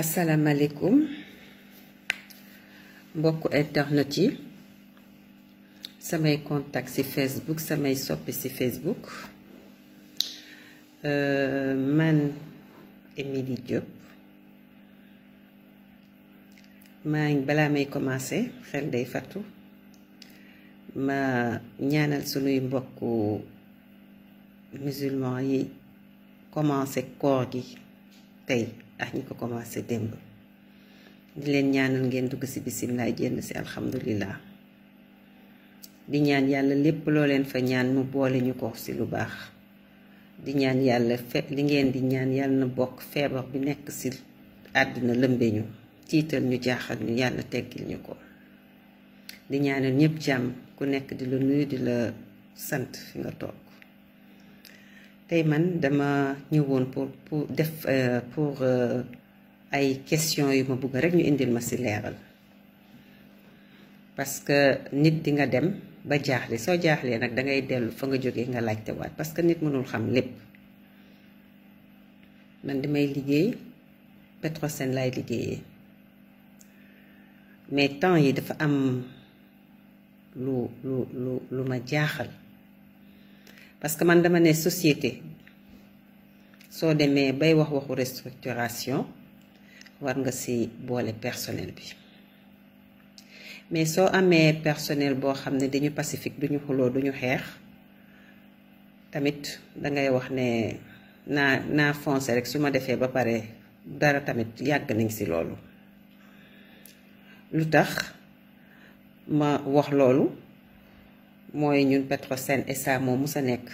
asalaamaaleykum mbokku internet yi samay contact ci facebook samay soppi ci facebook euh, man Émilie Diop maa ngi balaa may commencé xel day fattu ma ñaanal sunuy mbokku musulman yi commencé koor gi tey ak ñi ko commencé démb di leen ñaanal ngeen dugg ci bisimilah jénn ci alhamdulilah di ñaan yàlla lépp loo leen fa ñaan mu boole ñu ko ci lu baax di ñaan yàlla fe li ngeen di ñaan yàlla na bokk feebar bi nekk ci àdduna lëmbe ñu tiital ñu jaaxal ñu yàlla teggil ñu ko di ñaanal ñëpp jàmm ku nekk di la nuyu di la sant fi nga toog tey man dama ñëwoon pour pour def euh, pour euh, ay question yu ma bugg rek ñu indil ma si leeral parce que nit di nga dem ba jaaxle soo jaaxlee nag dangay dellu fa nga jóge nga laajte waat parce que nit mënul xam lépp man damay liggéey Petrosen laay liggéeyee mais temps yi dafa am lu lu lu lu ma jaaxal parce man dama ne société soo demee bay wax waxu restructuration war nga ci boole personnel bi mais soo amee personnel boo xam ne dañu pacifique ñu xuloo duñu xeex tamit dangay wax ne naa naa foncé rek su ma defee ba pare dara tamit yàgg nañ si loolu lu tax ma wax loolu mooy ñun Petrosen SA moo mu sa nekk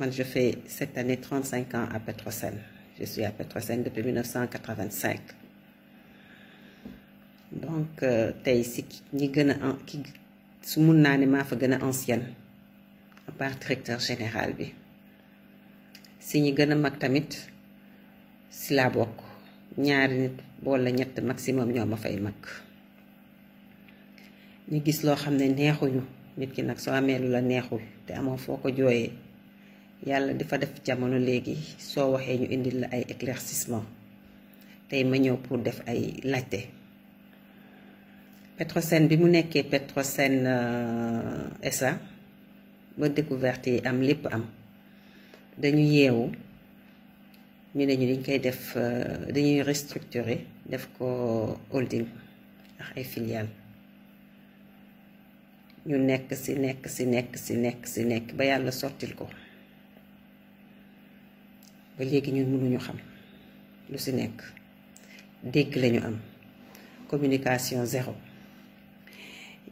man je fais cette année 35 ans à Petrosen je suis à Petrosen depuis 1985 donc euh, tey si ñi gën a ki su mun naa ni maa fa gën a ancienne à part directeur général bi si ñi gën a mag tamit si laa bokk ñaari nit walla ñett maximum ñoo ma fay mag ñu gis loo xam ne neexuñu nit ki nag soo amee lu la neexul te amoo foo ko jooyee yàlla di fa def jamono léegi soo waxee ñu indil la ay éclaircissement tey ma ñëw pour def ay lajte Petrosen bi mu nekkee Petrosen euh, SA ba découverte yi am lépp am dañu yeewu ñu ne ñu dañ koy def euh, dañuy restructurer def ko holding ndax ay filiale ñu nekk si nekk si nekk si nekk si nekk ba yàlla sottil ko ba léegi ñun mënuñu xam lu si nekk dégg lañu am communication zéro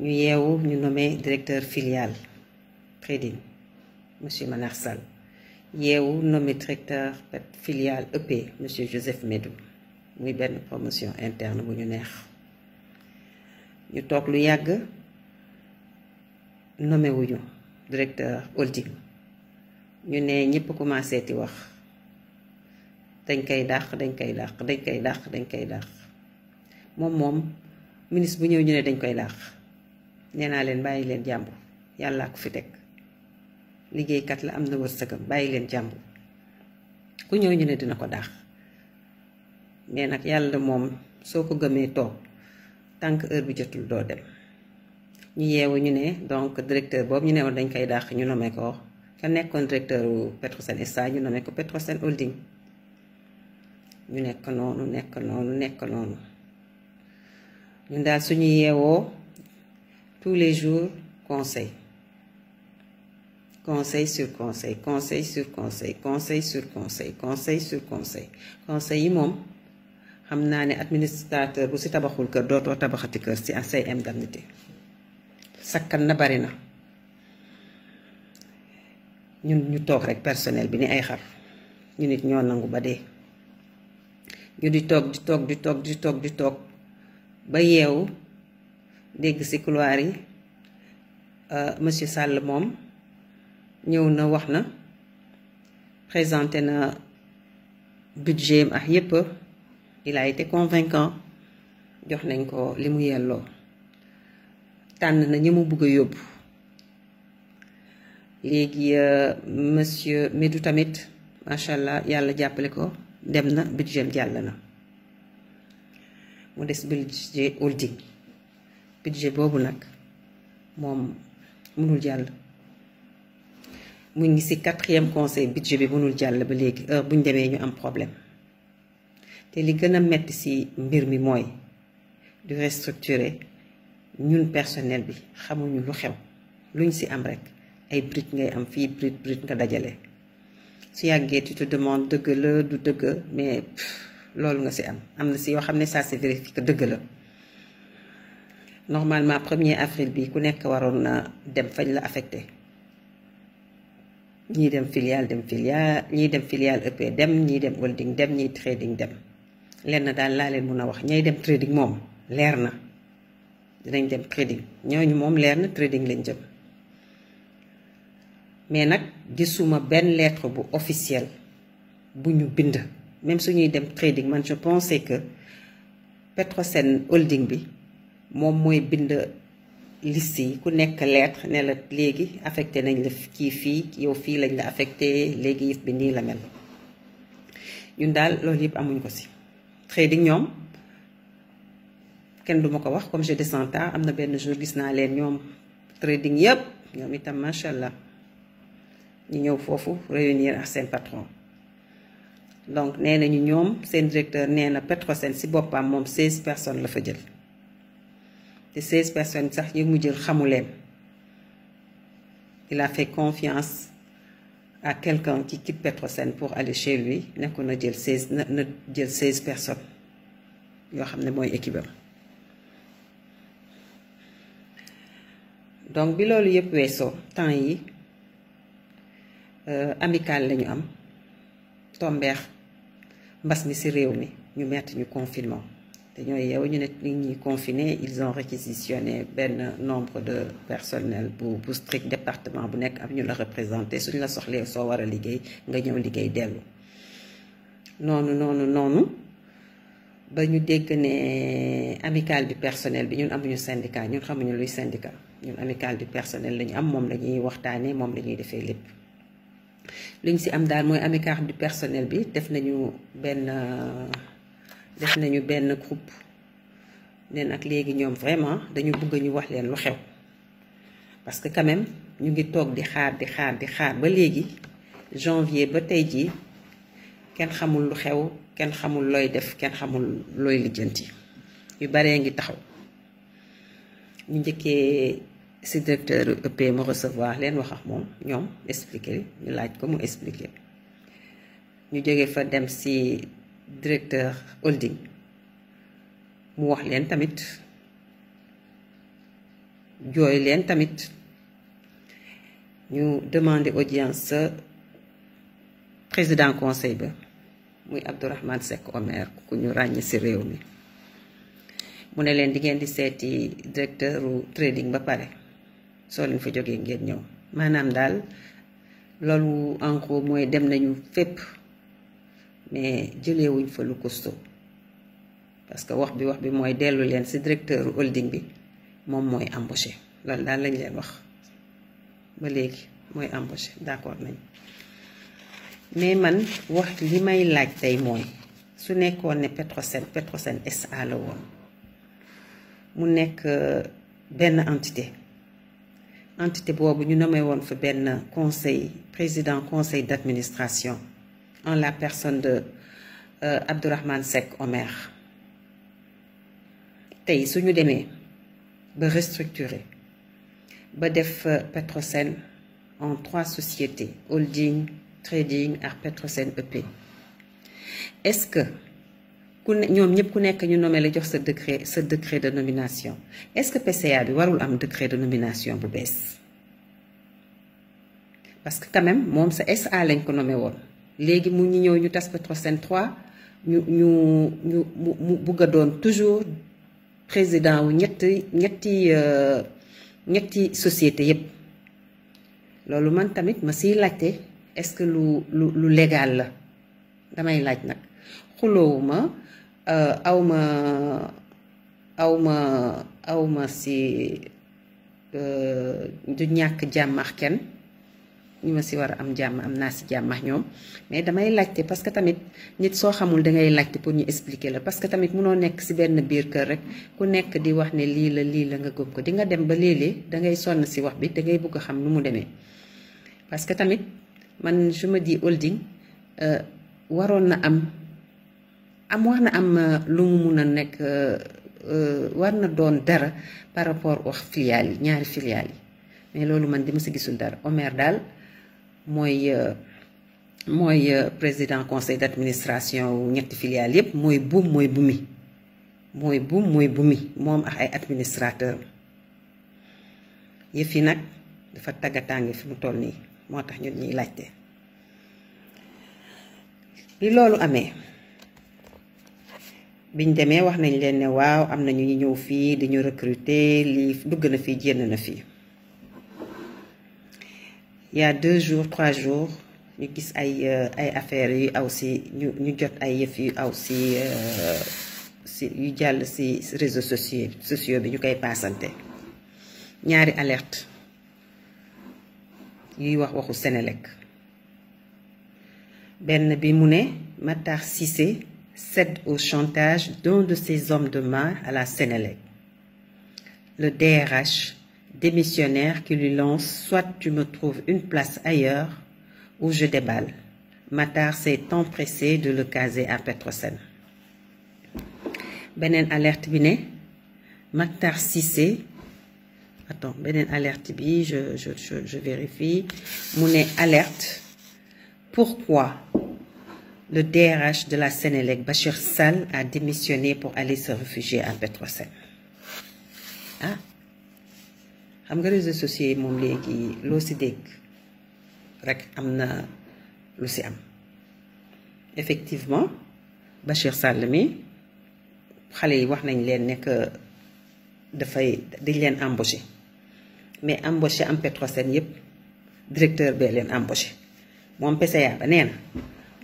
ñu yeewu ñu nommé directeur filial Prédine monsieur Manar Sall yeewu nommé directeur filial EP monsieur Joseph Medou muy benn promotion interne bu ñu neex ñu toog lu yàgg nommé wuñu directeur holding ñu ne ñëpp commencé ti wax dañ koy dàq dañ koy dàq dañ koy dàq dañ koy dàq moom moom ministre bu ñëw ñu ne dañ koy dàq nee naa leen bàyyi leen jàmbu yàlla ko fi teg liggéeykat la am na wërsëgam bàyyi leen jàmbu ku ñëw ñu ne dina ko dàq mais nag yàlla moom soo ko gëmee toog tànk heure bi jotul doo dem ñu yeewu ñu ne donc directeur boobu ñu ne woon dañ koy dàq ñu nommé ko ka nekkoon directeur wu Petrosen SA ñu nommé ko Petrosen Holding ñu nekk noonu nekk noonu nekk noonu ñun daal suñu yeewoo tous les jours conseil conseil sur conseil conseil sur conseil conseil sur conseil conseil sur conseil conseil yi moom xam naa ne administrateur bu si tabaxul kër dootoo tabaxati kër si say indemnité sakkat na bari na ñun ñu toog rek personnel bi ni ay xar ñu nit ñoo nangu ba dee ñu di toog di toog di toog di toog di toog ba yeewu dégg ci couloir yi euh, monsieur Sall moom ñëw na wax na présenté na budget ak yépp il a été convaincant jox nañ ko li mu yelloo tànn na ñi mu bëgg a yóbbu léegi euh, monsieur Médou tamit macha allah yàlla jàppale ko dem na budget jàll na mu des budget holding budget boobu nag moom mënul jàll mu ngi ci quatrième conseil budget bi mënul jàll ba léegi heure bu ñu demee ñu am problème te li gën a metti ci mbir mi mooy du restructurer ñun personnel bi xamuñu lu xew luñ ci am rekk ay brut ngay am fii brut brut nga dajale su yàggee tu te demandes dëgg la du dëgg mais loolu nga si am am na si yoo xam ne saa se vérifie dëgg la normalement premier avril bi ku nekk waroon na dem fañ la affecté ñii dem filial dem filiale ñii dem filiale ëppee dem ñii dem holding dem ñii trading dem lenn daal laa leen mun a wax ñay dem trading moom leer na dinañ dem trading ñooñu moom leer na trading lañ jëm mais nag gisuma benn lettre bu officielle bu ñu bind même suñuy dem trading man je pensais que Petrosen holding bi moom mooy bind liste yi ku nekk lettre ne la léegi affecté nañ la kii fii yow fii lañ la affecté léegi yëf bi nii la mel ñun daal loolu yëpp amuñ ko si trading ñoom kenn duma ko wax comme je descends tard am na benn jour gis naa leen ñoom trading yëpp ñoom itam macha allah. ñu ñëw foofu réunir ak seen patron donc nee nañu ñoom seen directeur nee na Petrosen si boppam moom 16 personnes la fa jël te 16 personnes sax yi mu jël xamu leen il a fait confiance à quelqu'un qui quitte Petrosen pour aller chez lui nekku na jël 16 na na jël 16 personnes yoo xam ne mooy équipe donc bi loolu yëpp weesoo temps yi Euh, amicale lañu am tombeex mbas mi ci réew mi ñu metti ñu confinement ñoo yeewu ñu ne nit ñi confiné ils ont réquisitionné benn nombre de personnel bu bu strict département bu nekk am ñu la représenté suñ la soxlee soo war a liggéey nga ñëw liggéey dellu noonu noonu noonu ba ñu dégg ne amical du personnel bi ñun amuñu syndicat ñun xamuñu luy syndicat ñun amical du personnel lañu am moom la ñuy waxtaanee moom la ñuy defee lépp li ñu si am daal mooy amicale du personnel bi def nañu benn def nañu benn groupe neen ak léegi ñoom vraiment dañu bëgg ñu wax leen lu xew parce que quand ñu ngi toog di xaar di xaar di xaar ba léegi janvier ba tey jii kenn xamul lu xew kenn xamul looy def kenn xamul looy lijjanti yu baree ngi taxaw ñu njëkkee. si directeur EP mu recevoir leen wax ak moom ñoom expliqué ñu laaj ko mu expliqué ñu jóge fa dem si directeur holding mu wax leen tamit jooy leen tamit ñu demandé audience sa président conseil ba muy Abdourahmane Seck Omer ku ñu ràññ si réew mi mu ne leen di ngeen di seeti directeuru trading ba pare soo leen fa jógee ngeen ñëw maanaam daal loolu en mooy dem nañu fépp mais jëleewuñ fa lu costaud parce que wax bi wax bi mooy dellu leen ci directeur holding bi moom mooy embauché loolu daal lañ leen wax ba léegi mooy embauché d'accord nañ mais man wax li may laaj tey mooy su nekkoon ne Petrosen Petrosen SA la woon mu nekk euh, benn entité entité boobu ñu nommé woon fa benn conseil président conseil d'administration en la personne de euh, Abdourahmane Seck Omer tey suñu demee ba restructurer ba def euh, Petrosen en trois sociétés holding trading ak Petrosen EP est-ce que ku ne ñoom ñëpp ku nekk ñu nommé la jox sa décret sa de nomination est-ce que PCA bi warul am décret de nomination bu bees parce que quand moom sa SA lañ ko nommé woon léegi mu ñu ñëw ñu tas Petrosen 3 ñu ñu ñu mu bugg a doon toujours président wu ñetti ñetti euh, ñetti société yépp loolu man tamit ma siy laajte est-ce que lu lu lu légal la damay laaj nag xuloowu eh, ma aw ma aw ma aw ma si eh, du ñàkk jàmmax kenn ñu ma si war a am jàmm am naa si jàmmax ñoom mais damay laajte parce que tamit nit soo xamul dangay laajte pour ñu expliquer la parce que tamit munoo nekk si benn biir kër rek ku nekk di wax ne lii la lii la nga gëm ko di nga dem ba léeg-léeg dangay sonn si wax bi dangay bugg a xam nu mu demee parce que tamit man je me dis holding eh, waroon na am am wax na am euh, lu mu mun a nekk euh, euh, war na doon dara par rapport wax filiale yi ñaari filiale yi mais loolu man dama si gisul dara Omer daal mooy mooy président conseil d'administration ñetti filiale yépp mooy buum mooy bumi mooy mooy bumi moom ak ay administrateur yëf yi nag dafa tàggataange fi mu toll nii moo tax ñu ñuy laajte li loolu amee biñ demee wax nañ leen ne waaw am na ñu ñëw fii di ñu recruter lii dugg na fii génn na fii y a deux jours trois jours ñu gis ay euh, ay affaires yu aw si ñu jot ay yëf yu aw si euh, si yu jàll si réseaux sociaux bi ñu koy paasante ñaari alerte yuy wax waxu Senelec benn bi mu ne Matar Cissé cède au chantage d'un de ses hommes de main à la Sénélec. Le DRH, démissionnaire qui lui lance Soit tu me trouves une place ailleurs ou je déballe. Matar s'est empressé de le caser à Petrosen. beneen alerte bi ne Matar Cissé attends beneen alerte bi je je je vérifie mu ne alerte pourquoi le derage de la Sénélec, Bachir Sall, a démissionné pour aller se réfugier à Petrosen. ah xam nga réseau sociaux moom léegi loo si dégg rek am na lu si am effectivement Bachir Sall mi xale yi wax nañ leen nekk dafay dañ leen embauché mais embauché am Petrosen yépp directeur bee leen embauché moom PCA ba nee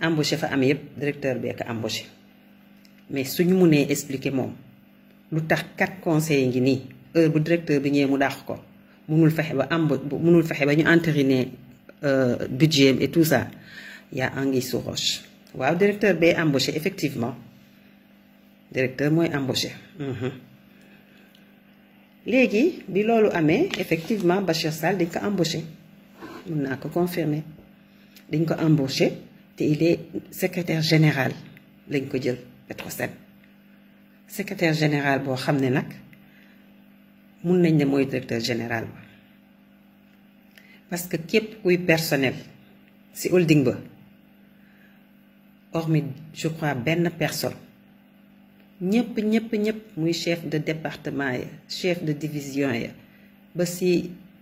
embauché fa am yëpp directeur bee ko embauché mais suñu nee expliquer moom lu tax quatre conseillers ngi nii heure bu directeur bi ñëwee mu dàq ko munul fexe ba amb munul fexe ba ñu entériné euh, budget et tout ça yaa anguille sous roche waaw directeur bee embauché effectivement directeur mooy embauché mhm. léegi bi loolu amee effectivement Bachir Sall dañ ko embauché mun naa ko confirmer dañ ko embauché te il est secrétaire général lañ ko jël Petrosen secretaire général boo xam ne nag mun nañ ne mooy directeur général ba parce que képp kuy personnel ci holding ba hormis je crois benn personne ñëpp ñëpp ñëpp muy chef de département ya chef de division ya ba ci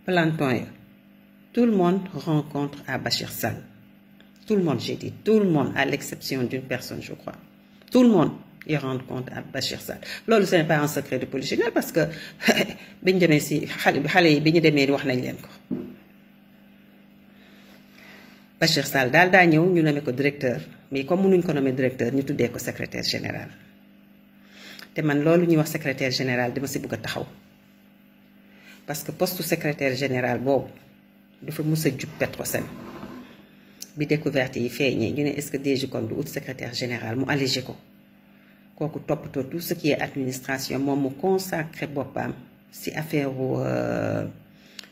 planton ya tout le monde rencontre à Bachir Sall Tout le monde, j'ai dit, tout le monde, à l'exception d'une personne, je crois. Tout le monde y rend compte à Bachir Loolu ce n'est pas un secret de polichinelle parce que bi demee si xale bi xale yi bi ñu demee wax nañ leen ko. Bachir Sall daal daa ñëw ñu nommé ko directeur mais comme mënuñ ko nommé directeur ñu tuddee ko secrétaire général. te man loolu ñuy wax secretaire général dama si bëgg a taxaw parce que postu secretaire général boobu dafa mus a jub Petrosen. bi découverte yi feeñee ñu ne est-ce que DG Com du ut secrétaire général mu allégé ko kooku toppatoo tout ce qui est administration moom mu consacré boppam si affaire euh,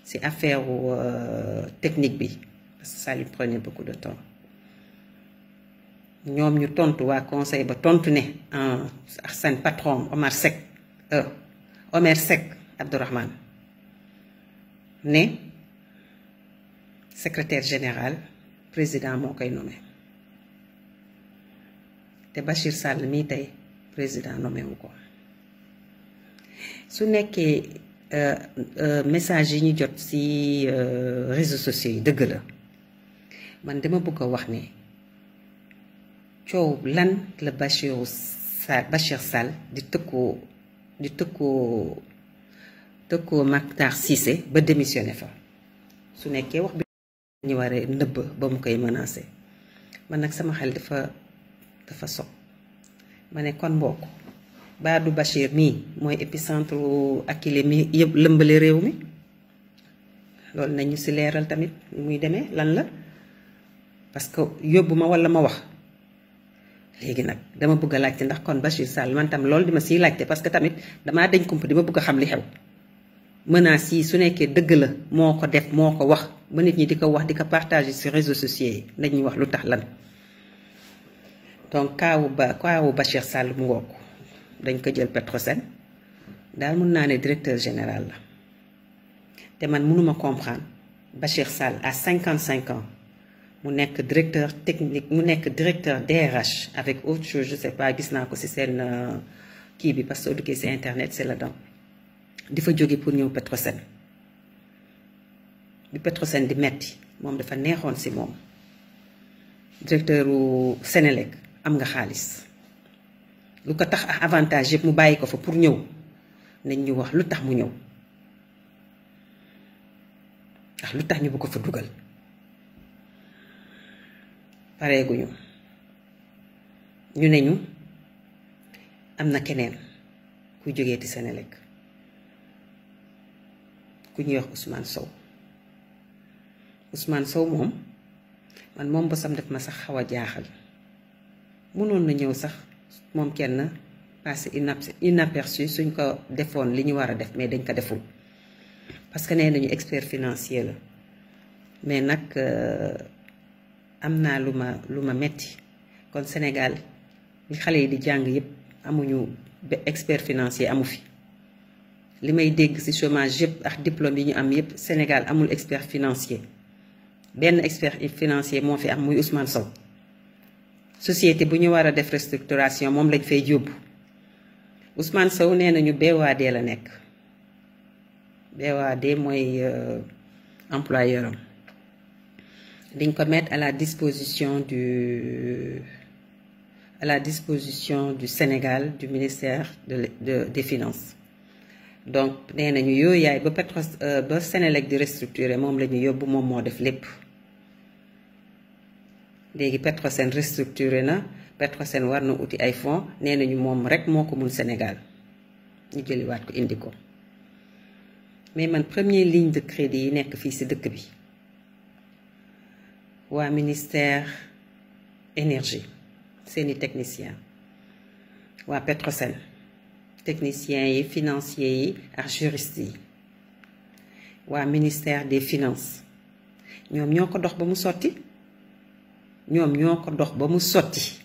si affaire euh, technique bi parce que ça lui prenait beaucoup de temps ñoom ñu tontu waa conseil ba tontu ne seen patron Omar Seck euh, Omar Seck Abdourahmane ne secrétaire général président moo koy nommé te Bachir Sall mii tey président nommé wu ko su nekkee euh, euh, message yi ñu jot ci euh, réseaux sociaux yi dëgg la man dama bëgg a wax ni coow lan la Bachir Sall di tëkkoo di tëkkoo tëkkoo Mactar Cissé ba démissionné fa su nekkee wax bi ñu waree ndëbb ba mu koy menacé man nag sama xel dafa dafa sob ma ne kon mbokk Badou Bachir nii mooy épicentre akile mi yëpp lëmbale réew mi loolu nañu si leeral tamit muy demee lan la parce que yóbbu ma walla ma wax léegi nag dama bëgg a laajte ndax kon Bachir Sall man tam lool loolu dima siy laajte parce que tamit damaa dañ kump dima bëgg a xam li xew menaces yi su nekkee dëgg la moo ko def moo ko wax ba nit ñi di ko wax di ko partage ci réseaux sociaux yi dañuy wax lu tax lan donc kaawu ba kaawu Bachir Sall mu ngoog dañ ko jël Petrosen daal mun naa ne directeur général la te man mënuma comprendre Bachir Sall à cinquante cinq ans mu nekk directeur technique mu nekk directeur DRH avec autre chose je sais pas gis naa ko ci seen euh, kii bi parce que soo duggee ci internet c'est là-dedans di fa jóge pour ñëw Petrosen bi Petrosen di metti moom dafa neexoon si moom directeuru Senelec am nga xaalis lu ko tax ak avantage yëpp mu bàyyi ko fa pour ñëw nañ ñu wax lu tax mu ñëw ndax lu tax ñu bu ko fa dugal pareeguñu ñu ñu ne ñu am na keneen kuy jógeeti Senelec ku ñuy wax Ousmane Sow Ousmane Sow moom man moom bosam def ma sax xaw a jaaxal mënoon na ñëw sax moom kenn passé inaperçu suñ ko defoon li ñu war a def mais dañ ko deful parce que nee nañu expert financier la mais nag euh, am naa lu ma lu ma metti kon Sénégal li xale yi di jàng yépp amuñu expert financier amu fi li may dégg ci chômage yëpp ak diplôme yi ñu am yëpp Sénégal amul expert financier benn expert financier moo fi am muy Ousmane Sow société bu ñu war a def restructuration moom lañ fay yóbbu Ousmane Sow nee nañu BOAD la nekk BOAD mooy euh, employeur am diñ ko mettre à la disposition du à la disposition du Sénégal du ministère de, de des finances donc nee nañu yooyu yaay ba Petros euh, ba Senelec di restructuré moom la ñu yóbbu moom moo def lépp léegi Petrosen restructuré na Petrosen war na uti ay fonds nee nañu moom rek moo ko mun Sénégal ñu jëliwaat ko indi ko mais man première ligne de crédit yi nekk fii si dëkk bi waa ministère énergie seeni technicien waa Petrosen techniciens yi financiers yi ak juristes yi waa ministère des finances ñoom ñoo ko dox ba mu sotti ñoom ñoo ko dox ba mu sotti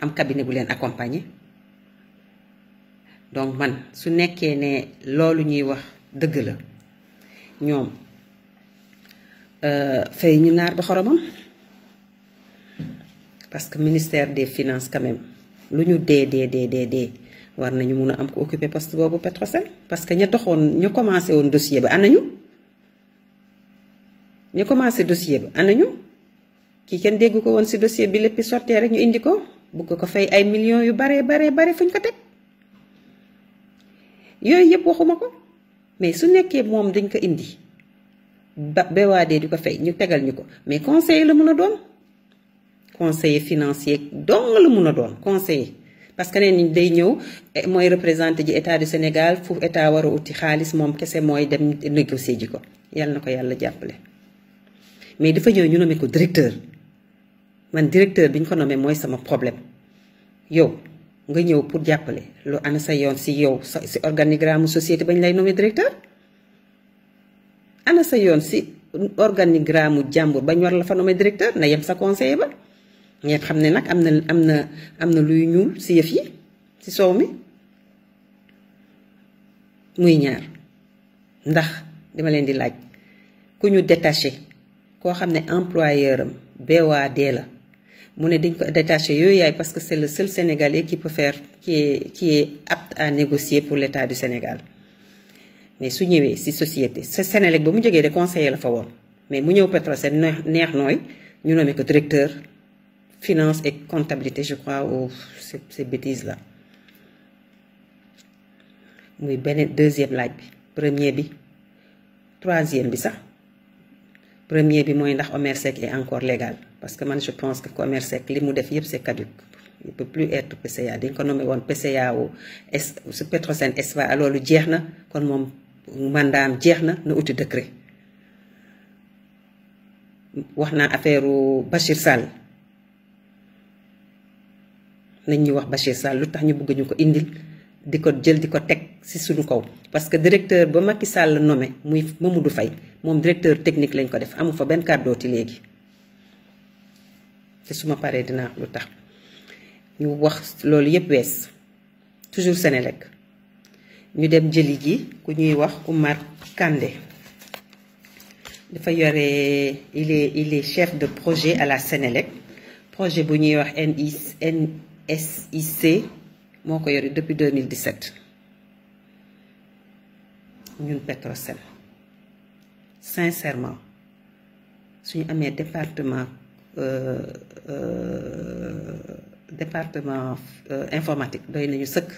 am cabinet bu leen accompagner donc man su nekkee ne loolu ñuy wax dëgg la ñoom euh, fay ñu naar ba xoromam parce que ministère des finances quand lu ñu dee dee dee dee war nañu mun a am ko occupé poste boobu Petrosen parce que ña doxoon ñu commencé woon dossier ba anañu ñu commencé dossier ba anañu kii kenn dégg ko woon si dossier bi lépp sottee rek ñu indi ko bugg ko fay ay millions yu baree baree bare fuñ ko teg yooyu yëpp waxuma ko mais su nekkee moom dañ ko indi ba dee di ko fay ñu tegal ñu ko mais conseil la mun a doon conseiller financier dong la mun a doon conseiller parce que nee nañ day ñëw eh, mooy représenté ji état du Sénégal fu état war a uti xaalis moom kese mooy dem négocier ji ko yàlla na ko yàlla jàppale. mais dafa ñëw ñu nommé ko directeur man directeur bi ñu ko nommé mooy sama problème yow nga ñëw pour jàppale lu ana sa yoon si yow sa si organigramme société ba ñu lay nommé directeur. ana sa yoon si organigramme jàmbur ba ñu war la fa nommé directeur na yem ngeen xam ne nag am na am na am na luy ñuul si yëf yi si soow mi muy ñaar ndax dama leen di laaj ku ñu détaché koo xam ne employeur am BOAD la mu ne dañ ko détaché yooyu yaay parce que c'est le seul Sénégalais qui peut faire qui est qui est négocier pour l'État du Sénégal mais su ñëwee si société sa Sénélec ba mu jegee de conseiller la fa woon mais mu ñëw Petrosen neex nooy ñu nommé ko directeur finance et comptabilité je crois ou ces bêtises là muy beneen deuxième laaj bi premier bi troisième bi sax premier bi mooy ndax Omer Seck est encore légal parce que man je pense que Omer Seck li mu def yëpp c'est caduc il peut plus être PCA dañ ko nommé woon PCA wu su Petrosen SVA loolu jeex na kon moom mandaam jeex na na uti décret wax naa affaire Bachir Sall nañ ñu wax Bachir Sall lu tax ñu bëgg ñu ko indil di ko jël di ko teg ci suñu kaw. parce que directeur ba Macky sàll nome muy du Faye moom directeur technique lañ ko def amu fa benn kàddooti léegi te su ma paree dinaa lu tax ñu wax loolu yëpp wees toujours Sénélec ñu dem jëli ji ku ñuy wax Oumar Kandé dafa yore il est il chef de projet à la Sénélec projet bu ñuy wax NIS SIC moo ko yore depuis 2017 ñun Petrosen sincèrement suñu amee département euh, euh, département euh, informatique doy nañu sëkk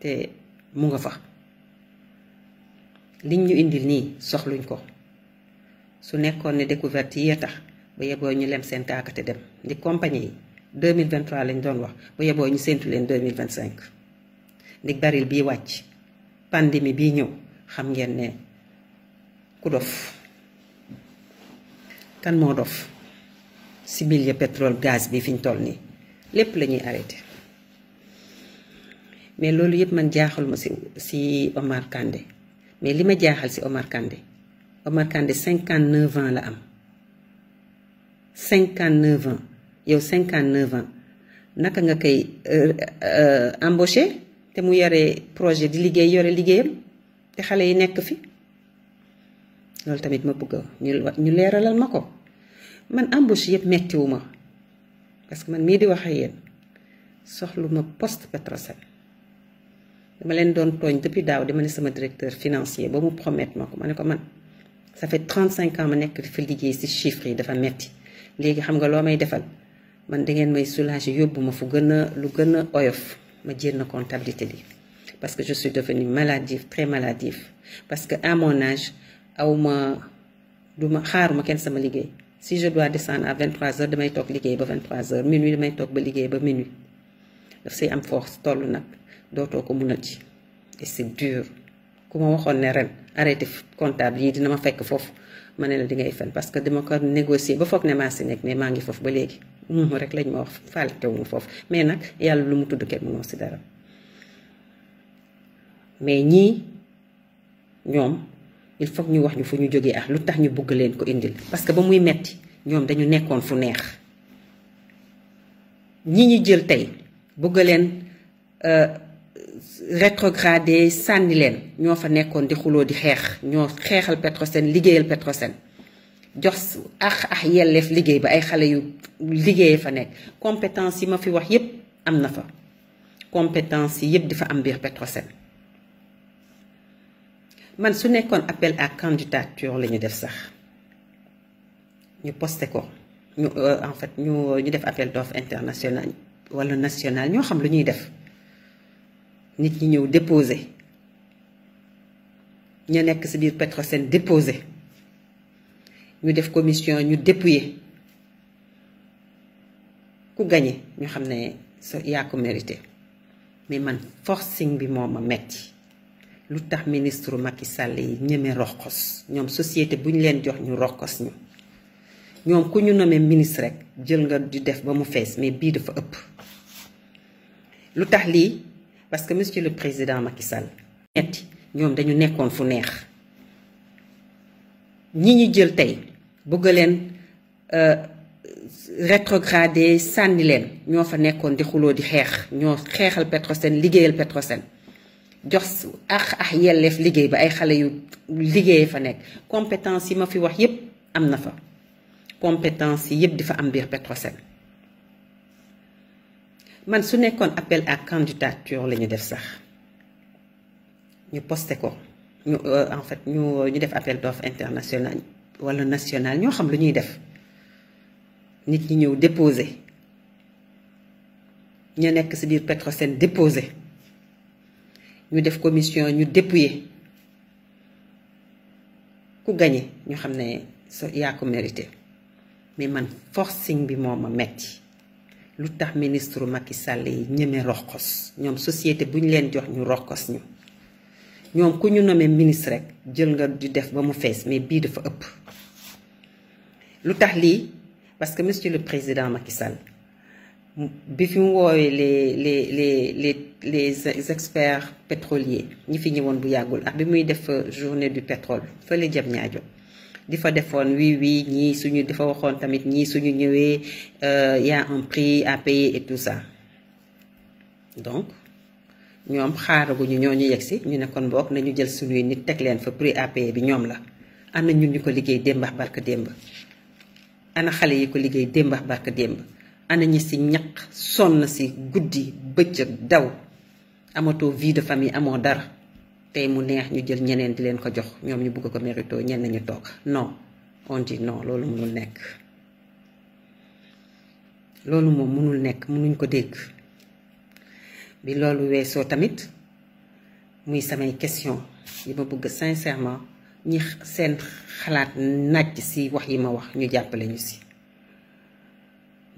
te mu nga fa liñ ñu indi nii soxluñ ko su nekkoon ne découverte yi tax ba yeboo ñu lem seen kaakate dem ndi compagnie yi 2023 lañ doon wax bu yeboo ñu séntu leen 2025 ndig baril bii wàcc pandémie bii ñëw xam ngeen ne ku dof kan moo dof si milieu pétrole gaz bii fi ñu toll nii lépp la ñuy arrêté mais loolu yëpp man jaaxal ma si si Omar Kandé mais li ma jaaxal si Omar Kandé Omar Kandé 59 ans la am 59 ans. yow cinquante neuf ans naka nga koy euh, euh, embauché te mu yore projet di liggéey yore liggéeyam te xale yi nekk fi loolu tamit ma bëgg ñu ñu leeralal ma ko man embauché yëpp mettiwu ma parce que man mii di wax ak yéen soxlu ma poste Petrosen dama leen doon tooñ depuis daaw dama ne sama directeur financier ba mu promettre ma ko ma ne ko man ça fait trente cinq ans ma nekk fi liggéey ci chiffres yi dafa metti léegi xam nga loo may defal man dangeen may soulager yóbbu ma fu gën a lu gën a oyof ma jénn comptabilité bi parce que je suis devenue maladive très maladive parce que à mon âge aw ma du ma xaaruma kenn sama liggéey si je dois descendre à 23 heures damay toog liggéey ba 23 heures minuit damay toog ba liggéey ba minuit daf say am force toll nag dootoo ko mun a ji et c'est dur ku ma waxoon ne ren arrêté comptable yii dina ma fekk foofu ma ne la di ngay fen parce que ba foog ne maa si nekk ne maa ngi foofu ba léegi moom rek lañ ma wax faalitewu ma foofu mais nag yàlla lu mu tudd kenn mënoo si dara mais ñii ñoom il faut ñu wax ñu fu ñu jógee ah lu tax ñu bugg leen ko indil parce que ba muy metti ñoom dañu nekkoon fu neex ñi ñi jël tey bëgg leen euh, rétrogradé sànni leen ñoo fa nekkoon di xuloo di xeex ñoo xeexal Petrosen liggéeyal Petrosen jox ax ax yelleef liggéey ba ay xale yu liggéey fa nekk compétence yi ma fi wax yépp am na fa compétence yi yépp di fa am biir Petrosen man su nekkoon appel à candidature la ñu def sax ñu posté ko ñu euh, en fait ñu ñu def appel d'offre international wala national ñoo xam lu ñuy def nit ñi ñëw déposé ñu nekk si biir Petrosen déposé ñu def commission ñu dépouiller ku gañe ñu xam ne sa yaa ko mi man forcing bi moom a metti lu tax ministre Macky Sall yi ñeme roxos ñoom société bu ñu leen jox ñu roxos ñu ñoom ku ñu nommé ministre rek jël nga di def ba mu fees mais bii dafa ëpp lu tax lii parce que monsieur le président Macky Sall ñetti ñoom dañu nekkoon fu neex ñi ñi jël tey bëgg leen euh, rétrogradé sànni leen ñoo fa nekkoon di xuloo di xeex ñoo xeexal Petrosen liggéeyal Petrosen jox ax ax yelleef liggéey bi ay xale yu liggéeye fa nekk compétence yi ma fi wax yépp am na fa compétence yi yépp di fa am biir Petrosen man su nekkoon appel à candidature la ñu def sax ñu posté ko ñu euh, en fait ñu ñu def appel d'offre international wala nationale ñoo xam lu ñuy def nit ñi ñëw déposé ñu nekk ci biir Petrosen déposé ñu def commission ñu dépouillé ku gañe ñu xam ne so yaa ko mérité mais man forcing bi moom a metti lu tax ministre Macky Sall yi ñeme roxos ñoom société bu ñu leen jox ñu roxos ñu ñoom ku ñu nommé ministre rek jël nga di def ba mu fees mais bii dafa ëpp lu tax lii parce que monsieur le président Macky Sall bi fi mu woowee les les les les les experts pétroliers ñi fi ñëwoon bu yàggul ak bi muy def journée du pétrole fële jëm ñaajo di fa defoon wii wii ñii suñu dafa waxoon tamit ñii suñu ñëwee euh, y a un prix à payer et tout ça donc ñoom xaaraguñu ñoo ñu yegsi ñu ne kon boog nañu jël suñuy nit teg leen fa prix à bi ñoom la am na ñun ñu ko liggéey démb ak barke démb ana xale yi ko liggéey démb ak barka démb ana ñi si ñaq sonn si guddi bëccëg daw amatoo vie de famille amoo dara tey mu neex ñu jël ñeneen di leen ko jox ñoom ñu bugg ko mérito ñenn nañu toog non on dit non loolu mënul nekk loolu moom mënul nekk mënuñ ko dégg bi loolu weesoo tamit muy samay question yi ma bëgg sincèrement ñi seen xalaat nàcc si wax yi ma wax ñu jàppale ñu si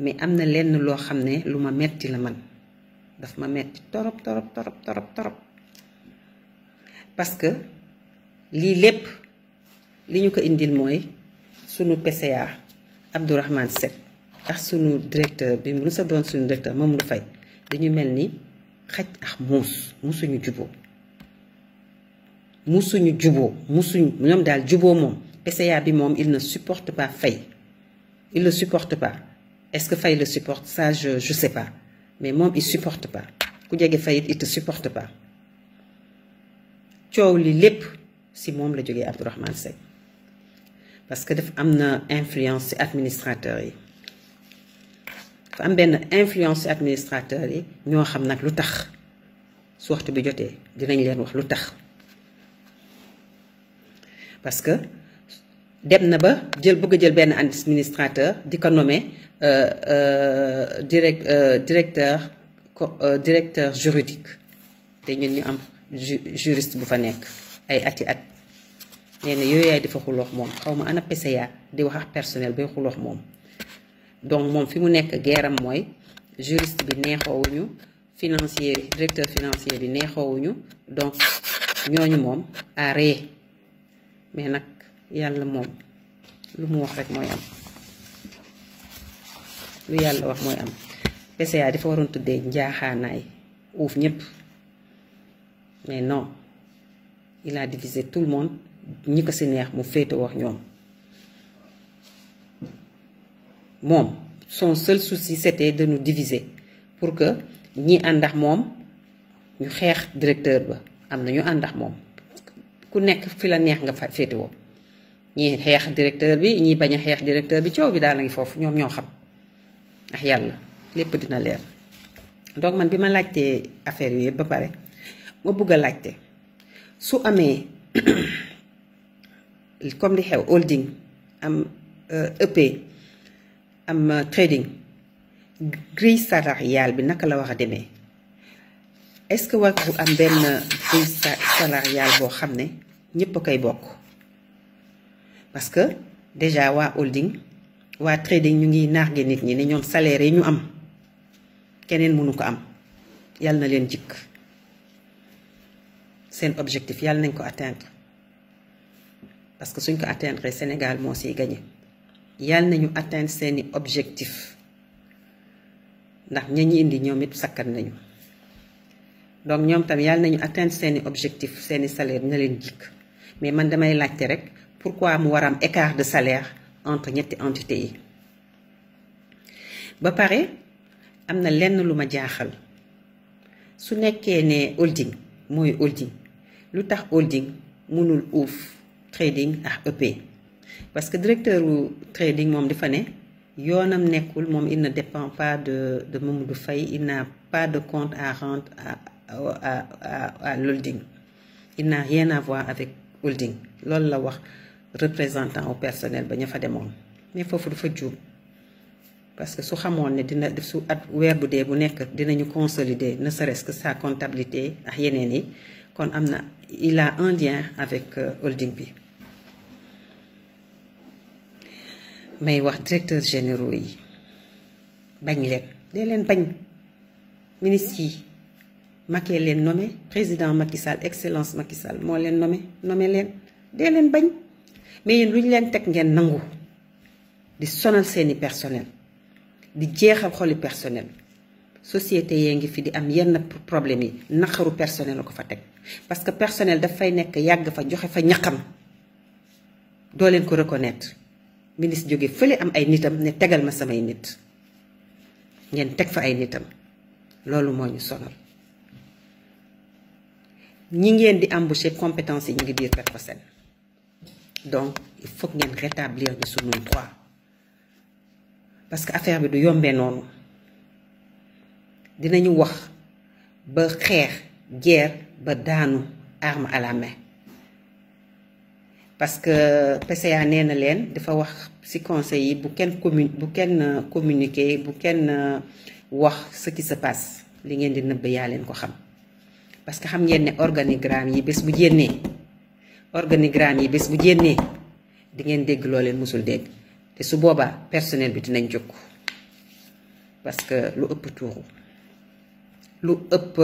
mais am na lenn loo xam ne lu ma metti la man daf ma metti torop torop torop torop torop parce que lii lépp li ñu ko indil mooy sunu PCA Abdourahmane Seck ak sunu directeur bi mu sa doon sunu directeur Mamadou Faye dañu mel ni xaj ak muus muusuñu juboo musuñu juboo musuñu ñoom daal juboo moom PCA bi moom il ne supporte pas Faye il ne supporte pas est-ce que Faye le supporte ça je je pas mais moom il supporte pas ku jege fay it il te supporte pas coow lii lépp si moom la jógee Abdourahmane Seck parce que daf am na influence ci administrateur yi dafa am benn influence ci administrateur yi ñoo xam nag lu tax su waxtu bi jotee dinañ leen wax lu tax parce que dem na ba jël bëgg jël benn administrateur di ko nommer euh, euh, direct euh, directeur directeur juridique te ñun ñu am juriste bu fa nekk ay ati at nee na yooyu yaay dafa xuloox moom xaw ma ana PCA di wax personnel bay xuloox moom donc moom fi mu nekk geeram mooy juriste bi neexoowuñu financier directeur financier bi neexoowuñu donc ñooñu moom arrêt mais nag yàlla moom lu mu wax rek mooy am lu yàlla wax mooy am PCA dafa waroon tëddee njaaxaanaay uuf ñëpp mais non il a divisé tout le monde ñi ko si neex mu féete wax ñoom moom son seul souci c'était de nous diviser pour que ñi àndax moom ñu xeex directeur ba am na ñu àndax moom ku nekk fi la neex nga fa féetewoo ñii xeex directeur bi ñii bañ a xeex directeur bi coow bi daal la ngi foofu ñoom ñoo xam ndax yàlla lépp dina leer donc man bi ma laajtee affaire yooyu yëpp ba pare ma bëgg a laajte su amee comme li xew holding am EP euh, e am euh, trading grille salariale bi naka la wax a demee est-ce que war am benn grille salariale boo xam ne ñëpp a koy bokk parce que déjà waa holding waa trading ñu ngi nargué nit ñi ni ñoom salaire yi ñu am keneen mënu ko am yàlla na leen jikk seen objectif yàlla nañ ko atteindre parce que suñ ko atteindre Sénégal moo siy gagné yàlla nañu atteindre seeni objectif ndax ña ñu indi ñoom it sakkat nañu donc ñoom tam yàlla nañu atteindre seeni objectif seeni salaire na leen jikk mais man damay laajte rek pourquoi mu war am écart de salaire entre ñetti entité yi ba pare am na lenn lu ma jaaxal su nekkee ne holding mooy holding lu tax holding mënul uuf trading ak EP parce que directeur wu trading moom dafa ne yoonam nekkul moom il ne dépend pas de de Mamadou Faye il n'a pas de compte à rendre à à à à rien à avec holding loolu la wax représentant u personnel ba ñu fa demoon mais foofu dafa juum parce que su xamoon ne dina def su at weer bu dee bu nekk dinañu consolider ne serait-ce sa comptabilité ak yeneen yi kon am na il a un lien avec euh, holding bi may wax directeur généraux yi bañ leen dee leen bañ ministres yi Macky leen nommé président Macky Sall excellence Macky moo leen nommé nommé leen dee leen bañ mais yéen lu ñu leen teg ngeen nangu di sonal seeni personnel di jeexal xoli personnel société yee ngi fi di am yenn problème yi naqaru personnel la ko fa teg parce que personnel daf fay nekk yàgg fa joxe fa ñaqam doo leen ko reconnaître ministre jóge fële am ay nitam ne tegal ma samay nit ngeen teg fa ay nitam loolu moo ñu sonal ñi ngeen di embaucher compétence yi ñu ngi biir Petrosen donc il faut ngeen rétablir bi sur nos droits parce que affaire bi du yombee noonu dinañu wax ba xeex guerre ba daanu arme à la main parce que PCA nee na leen dafa wax ci conseil yi bu kenn commun bu kenn communiquer bu kenn wax ce qui se passe li ngeen di nëbb yaa leen ko xam parce que xam ngeen ne organigramme yi bés bu jénnee organigramme yi bés bu jénnee di ngeen dégg loo leen mosul dégg te su boobaa personnel bi dinañ jóg parce que lu ëpp tuuru lu ëpp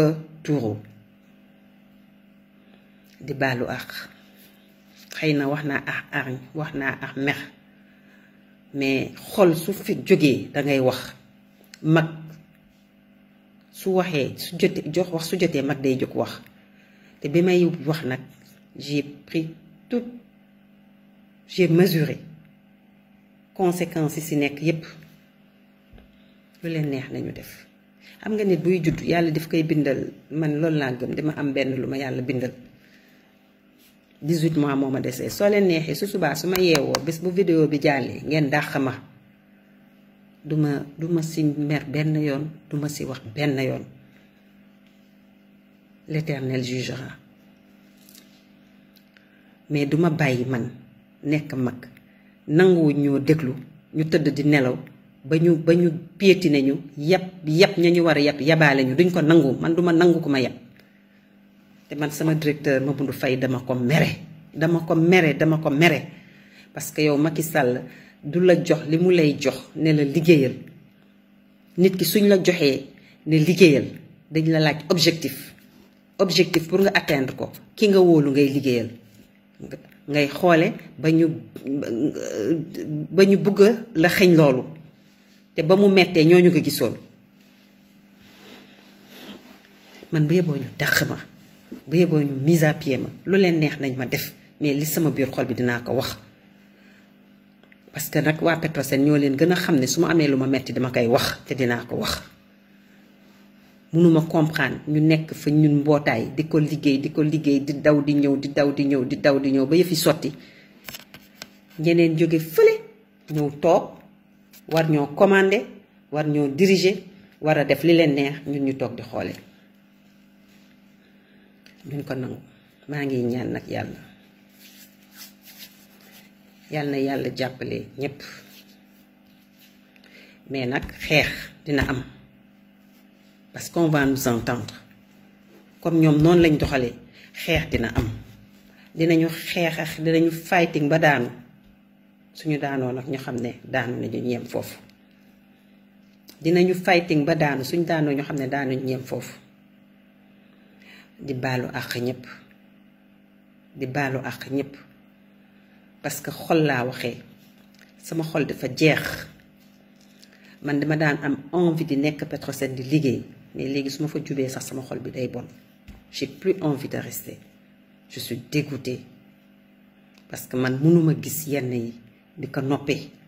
tuuru di baalu ak xëy na wax naa ak ariñ wax naa ak mex mais xol su fi jógee dangay wax mag su waxee su jotee jox wax su jotee mag day jóg wax te bi may wax nag j'ai pris tout j'ai mesuré conséquences yi si nekk yépp lu leen neex nañu def xam nga nit buy judd yàlla daf koy bindal man loolu laa gëm dama am benn lu ma yàlla bindal 18 mois moo ma desee soo leen neexee su subaa su ma yeewoo bés bu vidéo bi jàllee ngeen dàq ma duma duma si mer benn yoon duma si wax benn yoon l'éternel jugera mais duma bàyyi man nekk mag nanguwuñ ñoo déglu ñu tëdd di nelaw ba ñu ba ñu piétiné ñu yab ña ñu war a yab yabaale ñu duñ ko nangu man duma nangu ku ma yab te man sama directeur Mamadou Faye dama ko mere dama ko mere dama ko mere parce que yow Macky Sall du la jox li mu lay jox ne la liggéeyal nit ki suñ la joxee ne liggéeyal dañ la laaj objectif objectif pour nga atteindre ko ki nga wóolu ngay liggéeyal ngay xoole ba ñu bugg ñu la xëñ loolu te ba mu mettee ñoo ñu ko gisoon man bu yeboo ñu dàq ma bu yeboo ñu mise à pied ma lu leen neex nañ ma def mais li sama biir xol bi dinaa ko wax parce que nag waa Petrosen ñoo leen gën a xam ne su ma amee lu ma metti dama koy wax te dinaa ko wax mënuma comprendre ñu nekk fa ñun mbootaay di ko liggéey di ko liggéey di daw di ñëw di daw di ñëw di daw di ñëw ba yëfi sotti ñeneen jóge fële ñëw toog war ñoo commandé war ñoo diriger war a def li leen neex ñun ñu toog di xoolee ñun ko nangu maa ngi ñaan nag yàlla yàlla yàlla jàppale ñépp mais nag xeex dina am parce qu'on va nous entendre comme ñoom noonu lañ doxalee xeex dina am dinañu xeex ak dinañu fighting ba daanu suñu daanoo ñu xam ne daanu nañu ñeem foofu dinañu fighting ba daanu suñu daanoo ñu xam ne daanu ñeem foofu di baalu àq ñépp di baalu àq ñépp parce que xol laa waxee sama xol dafa jeex man dama daan am envie di nekk Petrosen di liggéey mais léegi su ma fa jubee sax sama xol bi day bon j'ai plus envie de rester je suis dégoûtée parce que man mënuma gis yenn yi di ko noppee